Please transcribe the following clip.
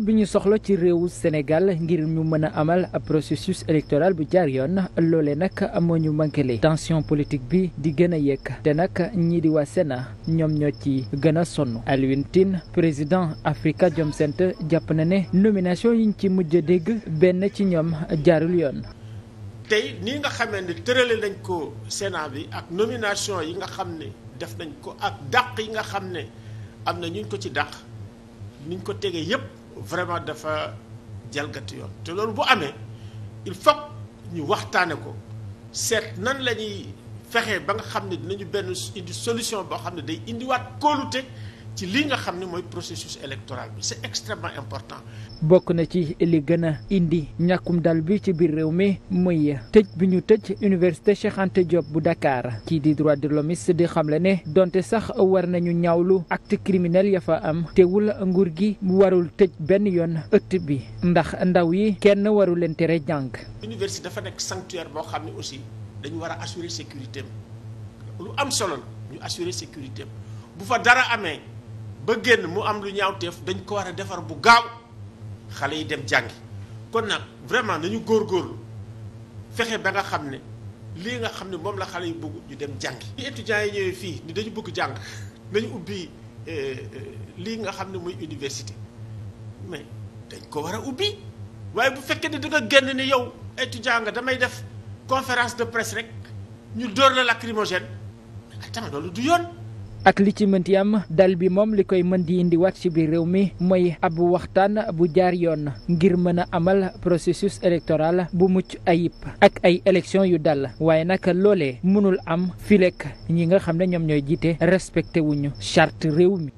bi ñu soxla ci réewu Sénégal ngir ñu mën a amal ab processus électoral bu jaar yoon loole nag moo ñu manquele tension politique bi di gën a yegg te nag ñii di waa Sénat ñoom ñoo ci gën a sonn Alioune Tine président Africa Jom sent jàpp na ne nomination yiñ ci mujj dégg benn ci ñoom jaarul yoon tey nii nga xamee ne tërale nañ ko Sénat bi ak nomination yi nga xam ne def nañ ko ak dàq yi nga xam ne am na ñu ko ci dàq ñu ko tegee yépp vraiment dafa jalgati yoon te loolu bu amee il faut ñu waxtaane ko seet nan la fexe ba nga xam ne dinañu benn indi solution boo xam ne day indiwaat kóolute ci lii nga xam ne mooy processus électoral bi c'est extrêmement important. bokk na ci li gën a indi ñàkkum dal bi ci biir réew mi muy tëj bi ñu tëj université Cheikh Anta Diop bu Dakar ci di droit de l'homme di xamle ne donte sax war nañu lu acte criminel ya fa am teewul nguur gi warul tëj benn yoon ëtt bi ndax ndaw yi kenn warul leen tere jàng. université dafa nekk sanctuaire boo xam ne aussi dañu war a assurer sécurité lu am solo ñu assurer sécurité ba génn mu am lu teef dañ ko war a defar bu gaaw xale yi dem jàngi kon nag vraiment nañu góor fexe ba nga xam ne lii nga xam ne moom la xale yi bëgg ñu dem jàngi li étudiants yi ñëwee fii ni dañu bugg jàng nañu ubbi euh, euh, lii nga xam ne muy université mais dañ ko war a ubbi waaye bu fekkee ne da nga génn ni yow étudiant nga damay def conférence de presse rek ñu dóor la lacrymogène ay tamit loolu du yoon ak li ci mënti am dal bi moom li koy mën di indi indiwaat ci biir réew mi mooy ab waxtaan bu jaar yoon na ngir mën a amal processus électoral bu mucc ayib ak ay élections yu dal waaye nag loole mënul am filek ñi nga xam ne ñoom ñooy jiite respecté wuñu charte réew mi.